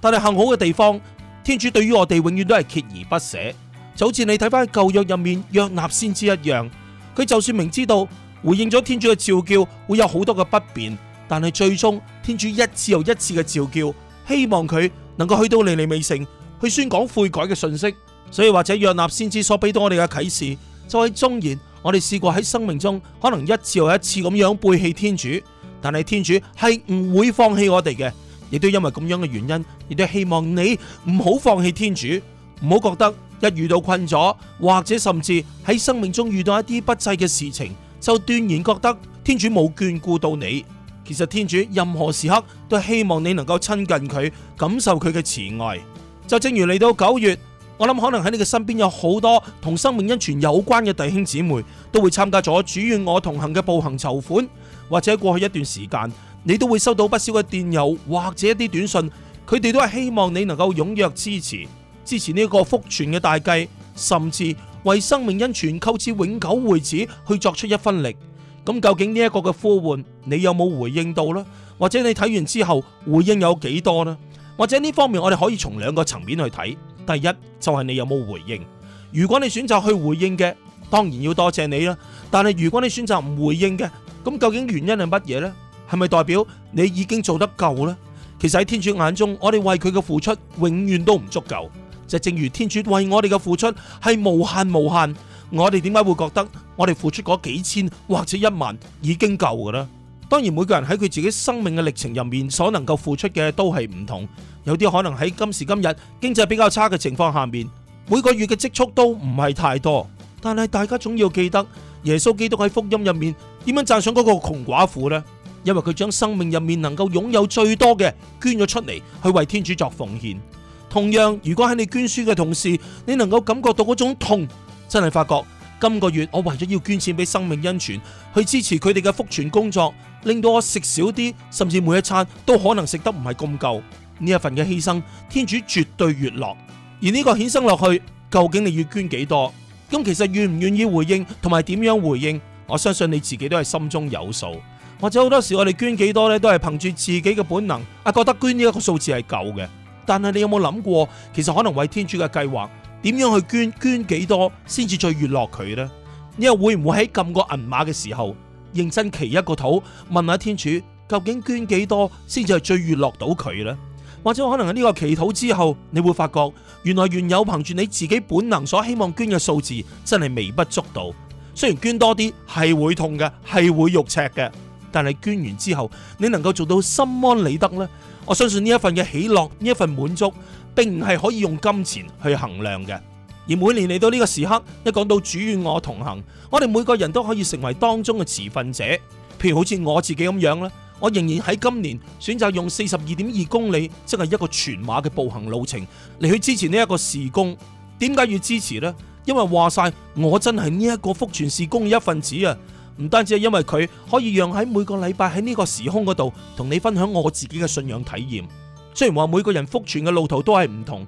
但係幸好嘅地方，天主對於我哋永遠都係鍥而不捨。就好似你睇翻舊約入面約納先知一樣，佢就算明知道回應咗天主嘅召叫會有好多嘅不便，但係最終天主一次又一次嘅召叫。希望佢能夠去到尼尼微城，去宣講悔改嘅訊息。所以或者約拿先知所俾到我哋嘅啟示就係忠言。我哋試過喺生命中可能一次又一次咁樣背棄天主，但係天主係唔會放棄我哋嘅。亦都因為咁樣嘅原因，亦都希望你唔好放棄天主，唔好覺得一遇到困阻，或者甚至喺生命中遇到一啲不濟嘅事情，就斷然覺得天主冇眷顧到你。其實天主任何時刻都希望你能夠親近佢，感受佢嘅慈愛。就正如嚟到九月，我諗可能喺你嘅身邊有好多同生命恩泉有關嘅弟兄姊妹，都會參加咗主願我同行嘅步行籌款，或者過去一段時間，你都會收到不少嘅電郵或者一啲短信，佢哋都係希望你能夠踴躍支持，支持呢個福傳嘅大計，甚至為生命恩泉購置永久會址去作出一分力。咁究竟呢一個嘅呼喚，你有冇回應到呢？或者你睇完之後回應有幾多呢？或者呢方面我哋可以從兩個層面去睇，第一就係你有冇回應。如果你選擇去回應嘅，當然要多謝你啦。但係如果你選擇唔回應嘅，咁究竟原因係乜嘢呢？係咪代表你已經做得夠呢？其實喺天主眼中，我哋為佢嘅付出永遠都唔足夠。就正如天主為我哋嘅付出係無限無限。我哋點解會覺得我哋付出嗰幾千或者一萬已經夠嘅喇？當然，每個人喺佢自己生命嘅歷程入面所能夠付出嘅都係唔同，有啲可能喺今時今日經濟比較差嘅情況下面，每個月嘅積蓄都唔係太多。但係大家總要記得，耶穌基督喺福音入面點樣讚賞嗰個窮寡婦呢？因為佢將生命入面能夠擁有最多嘅捐咗出嚟，去為天主作奉獻。同樣，如果喺你捐書嘅同時，你能夠感覺到嗰種痛。真係發覺今個月我為咗要捐錢俾生命恩泉去支持佢哋嘅福傳工作，令到我食少啲，甚至每一餐都可能食得唔係咁夠。呢一份嘅犧牲，天主絕對悅樂。而呢個衍生落去，究竟你要捐幾多？咁其實願唔願意回應，同埋點樣回應，我相信你自己都係心中有數。或者好多時我哋捐幾多呢，都係憑住自己嘅本能，啊覺得捐呢一個數字係夠嘅。但係你有冇諗過，其實可能為天主嘅計劃？點樣去捐？捐幾多先至最悅樂佢呢？你又會唔會喺撳個銀碼嘅時候，認真祈一個禱，問下天主，究竟捐幾多先至係最悅樂到佢呢？或者可能係呢個祈禱之後，你會發覺原來原有憑住你自己本能所希望捐嘅數字，真係微不足道。雖然捐多啲係會痛嘅，係會肉赤嘅，但係捐完之後，你能夠做到心安理得呢？我相信呢一份嘅喜樂，呢一份滿足。並唔係可以用金錢去衡量嘅，而每年嚟到呢個時刻，一講到主與我同行，我哋每個人都可以成為當中嘅持份者。譬如好似我自己咁樣啦，我仍然喺今年選擇用四十二點二公里，即係一個全馬嘅步行路程嚟去支持呢一個事工。點解要支持呢？因為話晒，我真係呢一個福傳事工嘅一份子啊！唔單止係因為佢可以讓喺每個禮拜喺呢個時空嗰度同你分享我自己嘅信仰體驗。雖然話每個人福傳嘅路途都係唔同，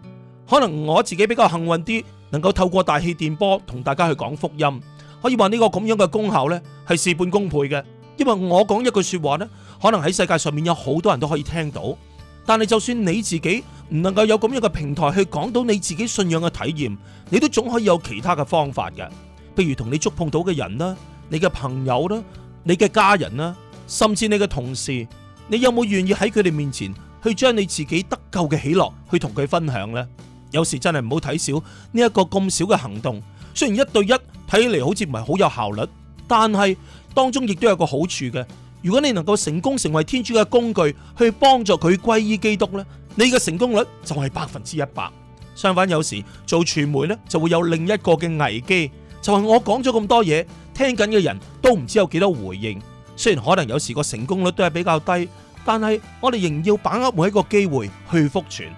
可能我自己比較幸運啲，能夠透過大氣電波同大家去講福音，可以話呢個咁樣嘅功效呢，係事半功倍嘅。因為我講一句說話呢，可能喺世界上面有好多人都可以聽到，但係就算你自己唔能夠有咁樣嘅平台去講到你自己信仰嘅體驗，你都總可以有其他嘅方法嘅，譬如同你觸碰到嘅人啦、你嘅朋友啦、你嘅家人啦，甚至你嘅同事，你有冇願意喺佢哋面前？去將你自己得救嘅喜樂去同佢分享咧，有時真係唔好睇小呢一個咁少嘅行動。雖然一對一睇起嚟好似唔係好有效率，但係當中亦都有個好處嘅。如果你能夠成功成為天主嘅工具，去幫助佢歸依基督咧，你嘅成功率就係百分之一百。相反，有時做傳媒咧就會有另一個嘅危機，就係我講咗咁多嘢，聽緊嘅人都唔知有幾多回應。雖然可能有時個成功率都係比較低。但係我哋仍要把握每一個機會去復存，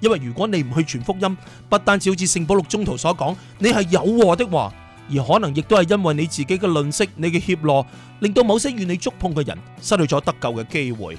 因為如果你唔去傳福音，不單只好似聖保祿中途所講，你係有禍的話，而可能亦都係因為你自己嘅吝嗇、你嘅怯懦，令到某些與你觸碰嘅人失去咗得救嘅機會。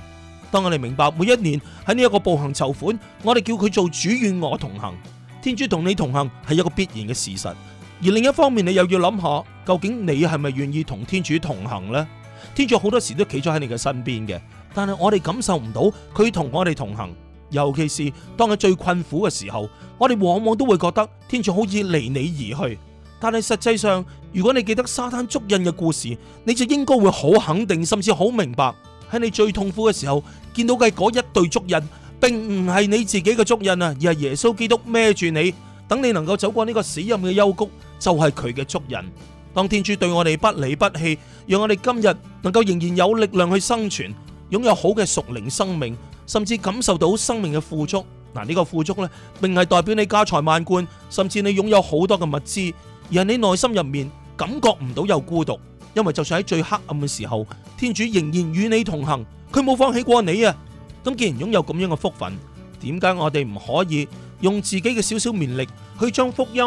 當我哋明白每一年喺呢一個步行籌款，我哋叫佢做主與我同行，天主同你同行係一個必然嘅事實。而另一方面，你又要諗下，究竟你係咪願意同天主同行呢？天主好多時都企咗喺你嘅身邊嘅。但係我哋感受唔到佢同我哋同行，尤其是當你最困苦嘅時候，我哋往往都會覺得天主好似離你而去。但係實際上，如果你記得沙灘足印嘅故事，你就應該會好肯定，甚至好明白，喺你最痛苦嘅時候見到嘅嗰一對足印，並唔係你自己嘅足印啊，而係耶穌基督孭住你，等你能夠走過呢個死蔭嘅幽谷，就係佢嘅足印。當天主對我哋不離不棄，讓我哋今日能夠仍然有力量去生存，擁有好嘅屬靈生命，甚至感受到生命嘅富足。嗱，呢個富足呢，並係代表你家財萬貫，甚至你擁有好多嘅物資，而係你內心入面感覺唔到有孤獨。因為就算喺最黑暗嘅時候，天主仍然與你同行，佢冇放棄過你啊！咁既然擁有咁樣嘅福分，點解我哋唔可以用自己嘅少少綿力去將福音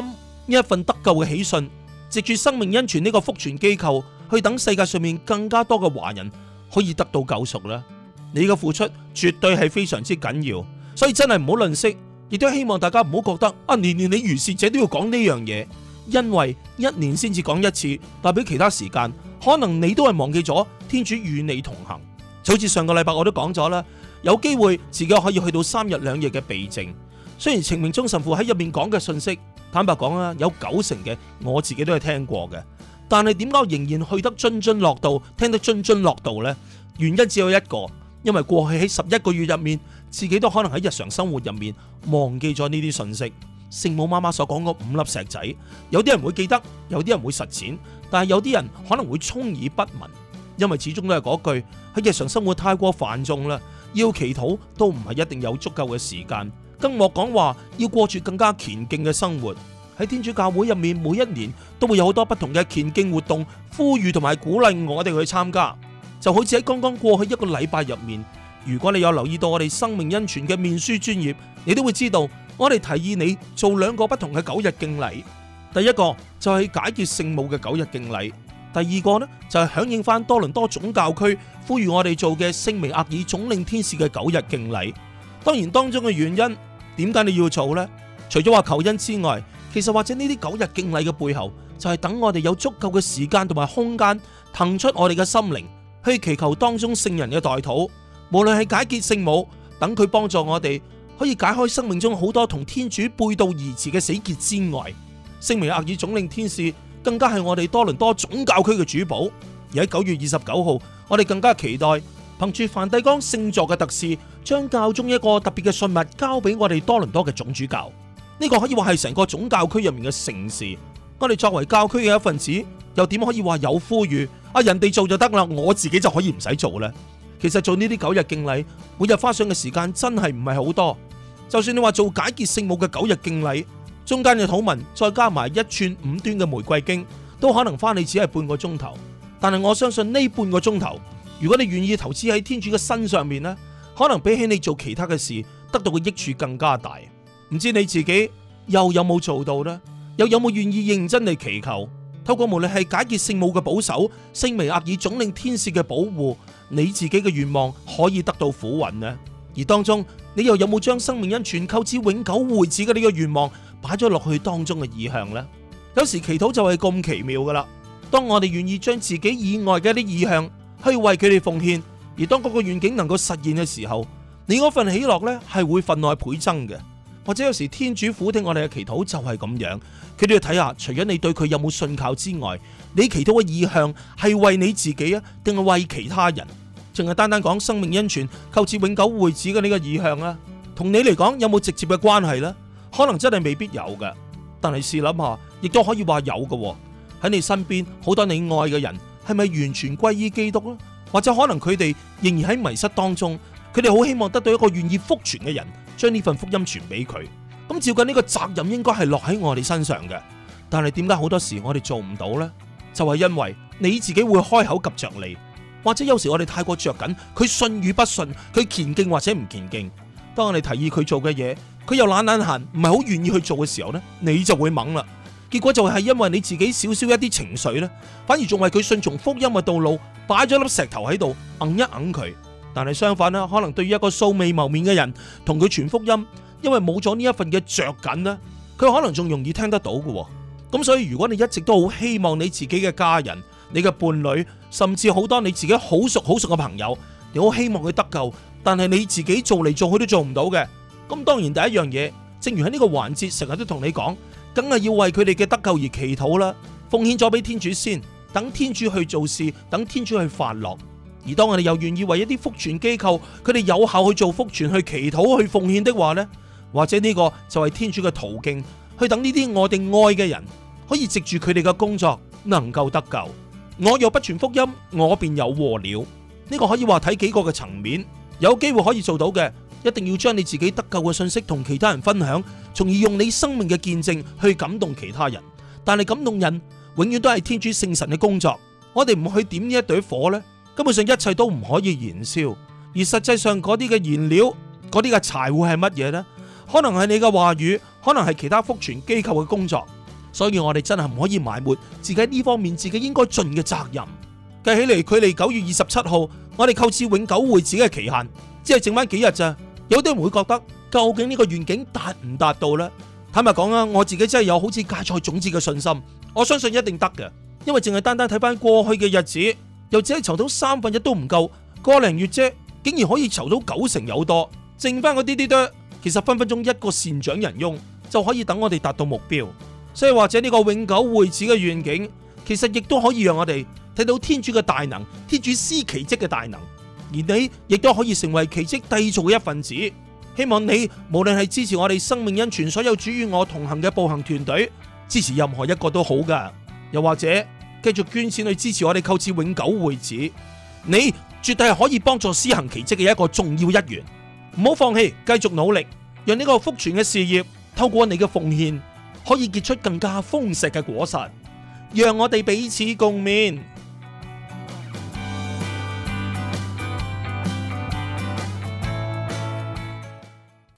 呢一份得救嘅喜訊，藉住生命恩泉呢個福傳機構，去等世界上面更加多嘅華人，可以得到救贖啦！你嘅付出絕對係非常之緊要，所以真係唔好吝嗇，亦都希望大家唔好覺得啊，年年你如是者都要講呢樣嘢，因為一年先至講一次，代表其他時間可能你都係忘記咗天主與你同行。就好似上個禮拜我都講咗啦，有機會自己可以去到三日兩夜嘅避靜，雖然程明忠神父喺入面講嘅信息，坦白講啊，有九成嘅我自己都係聽過嘅。但係點解我仍然去得津津樂道，聽得津津樂道呢？原因只有一個，因為過去喺十一個月入面，自己都可能喺日常生活入面忘記咗呢啲信息。聖母媽媽所講嗰五粒石仔，有啲人會記得，有啲人會實踐，但係有啲人可能會充耳不聞，因為始終都係嗰句喺日常生活太過繁重啦，要祈禱都唔係一定有足夠嘅時間。更莫講話要過住更加虔敬嘅生活。喺天主教會入面，每一年都會有好多不同嘅虔敬活動，呼籲同埋鼓勵我哋去參加。就好似喺剛剛過去一個禮拜入面，如果你有留意到我哋生命恩泉嘅面書專業，你都會知道我哋提議你做兩個不同嘅九日敬禮。第一個就係解決聖母嘅九日敬禮，第二個呢就係響應翻，多倫多總教區呼籲我哋做嘅聖彌額爾總領天使嘅九日敬禮。當然當中嘅原因，點解你要做呢？除咗話求恩之外。其實或者呢啲九日敬禮嘅背後，就係、是、等我哋有足夠嘅時間同埋空間騰出我哋嘅心靈，去祈求當中聖人嘅代禱。無論係解結聖母，等佢幫助我哋可以解開生命中好多同天主背道而馳嘅死結之外，聖彌額爾總領天使更加係我哋多倫多總教區嘅主保。而喺九月二十九號，我哋更加期待憑住梵蒂岡聖座嘅特使，將教宗一個特別嘅信物交俾我哋多倫多嘅總主教。呢個可以話係成個總教區入面嘅盛事。我哋作為教區嘅一份子，又點可以話有呼籲？啊，人哋做就得啦，我自己就可以唔使做呢。其實做呢啲九日敬禮，每日花上嘅時間真係唔係好多。就算你話做解結聖母嘅九日敬禮，中間嘅禱文再加埋一串五端嘅玫瑰經，都可能花你只係半個鐘頭。但係我相信呢半個鐘頭，如果你願意投資喺天主嘅身上面呢，可能比起你做其他嘅事，得到嘅益處更加大。唔知你自己又有冇做到呢？又有冇願意認真地祈求，透過無論係解結聖母嘅保守、聖彌額爾總領天使嘅保護，你自己嘅願望可以得到俯允呢？而當中你又有冇將生命恩泉購置永久會址嘅呢個願望擺咗落去當中嘅意向呢？有時祈禱就係咁奇妙噶啦。當我哋願意將自己以外嘅一啲意向去為佢哋奉獻，而當嗰個願景能夠實現嘅時候，你嗰份喜樂呢係會份外倍增嘅。或者有時天主父聽我哋嘅祈禱就係咁樣，佢都要睇下，除咗你對佢有冇信靠之外，你祈禱嘅意向係為你自己啊，定係為其他人？淨係單單講生命恩泉、求賜永久會址嘅呢個意向啊，同你嚟講有冇直接嘅關係呢？可能真係未必有嘅，但係試諗下，亦都可以話有嘅喎。喺你身邊好多你愛嘅人，係咪完全歸依基督咧？或者可能佢哋仍然喺迷失當中？佢哋好希望得到一個願意復傳嘅人，將呢份福音傳俾佢。咁照緊呢個責任，應該係落喺我哋身上嘅。但係點解好多時我哋做唔到呢？就係因為你自己會開口及着你，或者有時我哋太過着緊佢信與不信，佢虔敬或者唔虔敬。當你提議佢做嘅嘢，佢又懶懶閒，唔係好願意去做嘅時候呢，你就會懵啦。結果就係因為你自己少少一啲情緒呢，反而仲係佢順從福音嘅道路擺咗粒石頭喺度，硬一硬佢。但係相反啦，可能對於一個素未謀面嘅人，同佢傳福音，因為冇咗呢一份嘅着緊啦，佢可能仲容易聽得到嘅。咁所以如果你一直都好希望你自己嘅家人、你嘅伴侶，甚至好多你自己好熟好熟嘅朋友，你好希望佢得救，但係你自己做嚟做去都做唔到嘅，咁當然第一樣嘢，正如喺呢個環節成日都同你講，梗係要為佢哋嘅得救而祈禱啦，奉獻咗俾天主先，等天主去做事，等天主去發落。而當我哋又願意為一啲福傳機構，佢哋有效去做福傳、去祈禱、去奉獻的話呢，或者呢個就係天主嘅途徑，去等呢啲我哋愛嘅人可以藉住佢哋嘅工作能夠得救。我若不傳福音，我便有禍了。呢個可以話睇幾個嘅層面，有機會可以做到嘅，一定要將你自己得救嘅信息同其他人分享，從而用你生命嘅見證去感動其他人。但係感動人永遠都係天主聖神嘅工作，我哋唔去點呢一堆火呢。根本上一切都唔可以燃燒，而實際上嗰啲嘅燃料，嗰啲嘅柴火係乜嘢呢？可能係你嘅話語，可能係其他福傳機構嘅工作。所以我哋真係唔可以埋沒自己喺呢方面自己應該盡嘅責任。計起嚟距離九月二十七號，我哋購置永久會址嘅期限，只係剩翻幾日咋？有啲人會覺得究竟呢個願景達唔達到呢？坦白講啊，我自己真係有好似芥菜種子嘅信心，我相信一定得嘅，因為淨係單單睇翻過去嘅日子。又只係籌到三分一都唔夠，個零月啫，竟然可以籌到九成有多，剩翻嗰啲啲多，其實分分鐘一個善長人用就可以等我哋達到目標。所以或者呢個永久會址嘅願景，其實亦都可以讓我哋睇到天主嘅大能，天主施奇蹟嘅大能，而你亦都可以成為奇蹟締造嘅一份子。希望你無論係支持我哋生命恩泉所有主與我同行嘅步行團隊，支持任何一個都好噶。又或者。繼續捐錢去支持我哋購置永久會址，你絕對係可以幫助施行奇迹嘅一個重要一員。唔好放棄，繼續努力，讓呢個福傳嘅事業透過你嘅奉獻，可以結出更加豐碩嘅果實。讓我哋彼此共勉。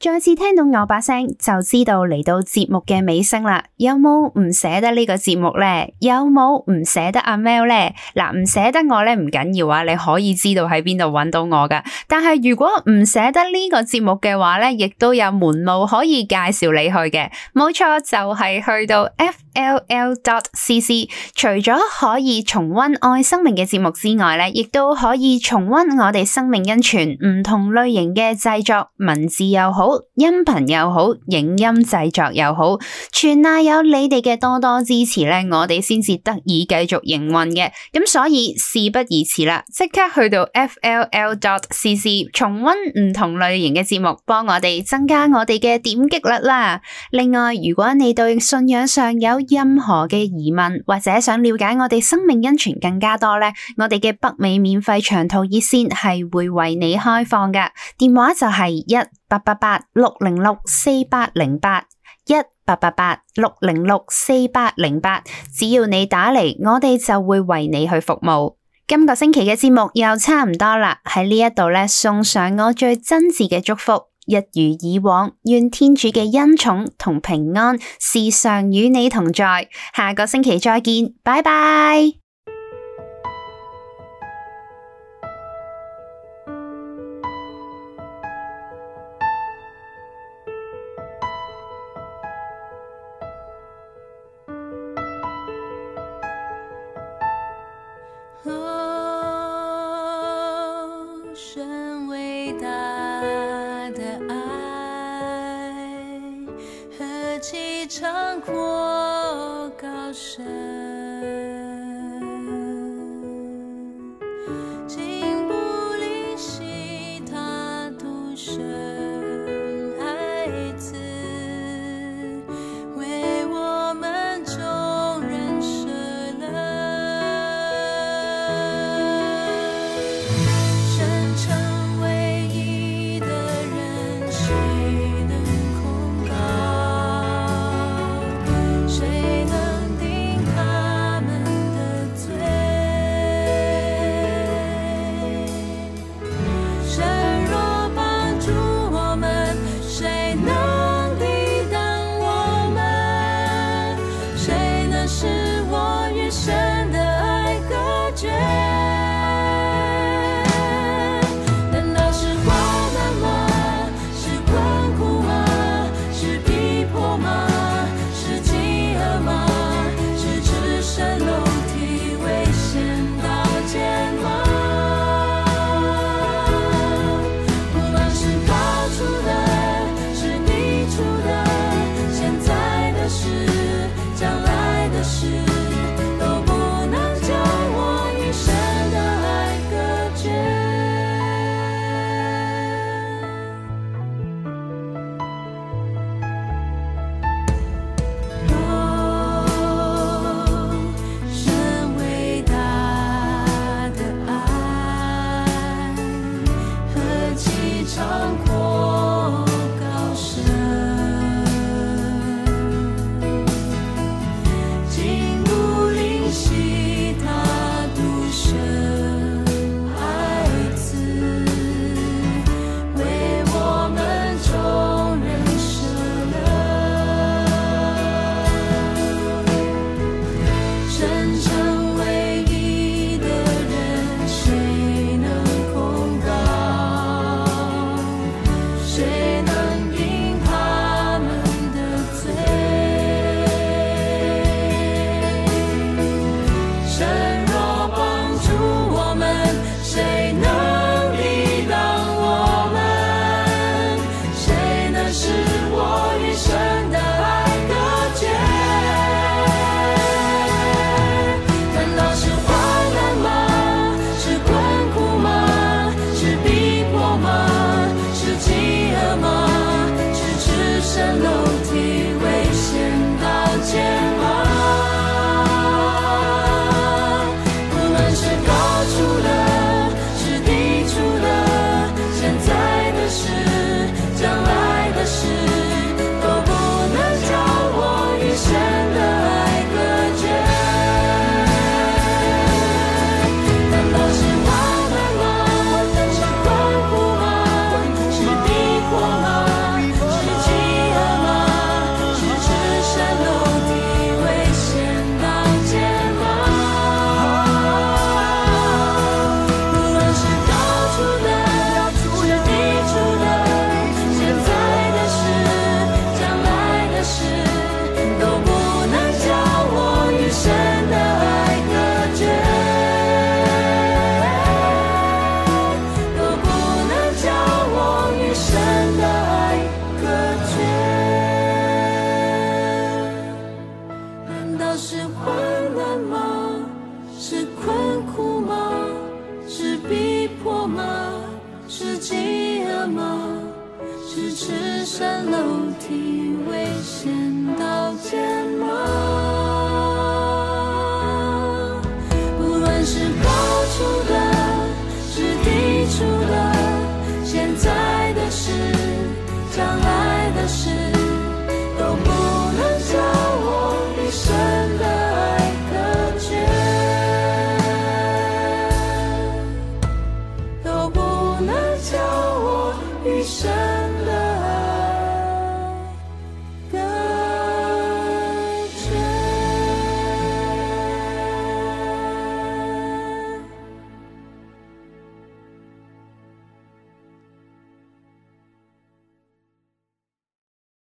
再次聽到我把聲，就知道嚟到節目嘅尾聲啦。有冇唔捨得呢個節目呢？有冇唔捨得阿 Mel 咧？嗱，唔捨得我咧唔緊要啊，你可以知道喺邊度揾到我噶。但係如果唔捨得呢個節目嘅話呢，亦都有門路可以介紹你去嘅。冇錯，就係、是、去到 fll.cc。除咗可以重溫愛生命嘅節目之外呢，亦都可以重溫我哋生命恩泉唔同類型嘅製作文字又好。音頻又好，影音製作又好，全賴有你哋嘅多多支持，令我哋先至得以繼續營運嘅。咁所以事不宜遲啦，即刻去到 fll.cc 重溫唔同類型嘅節目，幫我哋增加我哋嘅點擊率啦。另外，如果你對信仰上有任何嘅疑問，或者想了解我哋生命恩泉更加多呢，我哋嘅北美免費長途熱線係會為你開放嘅，電話就係一。八八八六零六四八零八一八八八六零六四八零八，8, 8, 只要你打嚟，我哋就會為你去服務。今個星期嘅節目又差唔多啦，喺呢一度咧送上我最真摯嘅祝福，一如以往，願天主嘅恩寵同平安時常與你同在。下個星期再見，拜拜。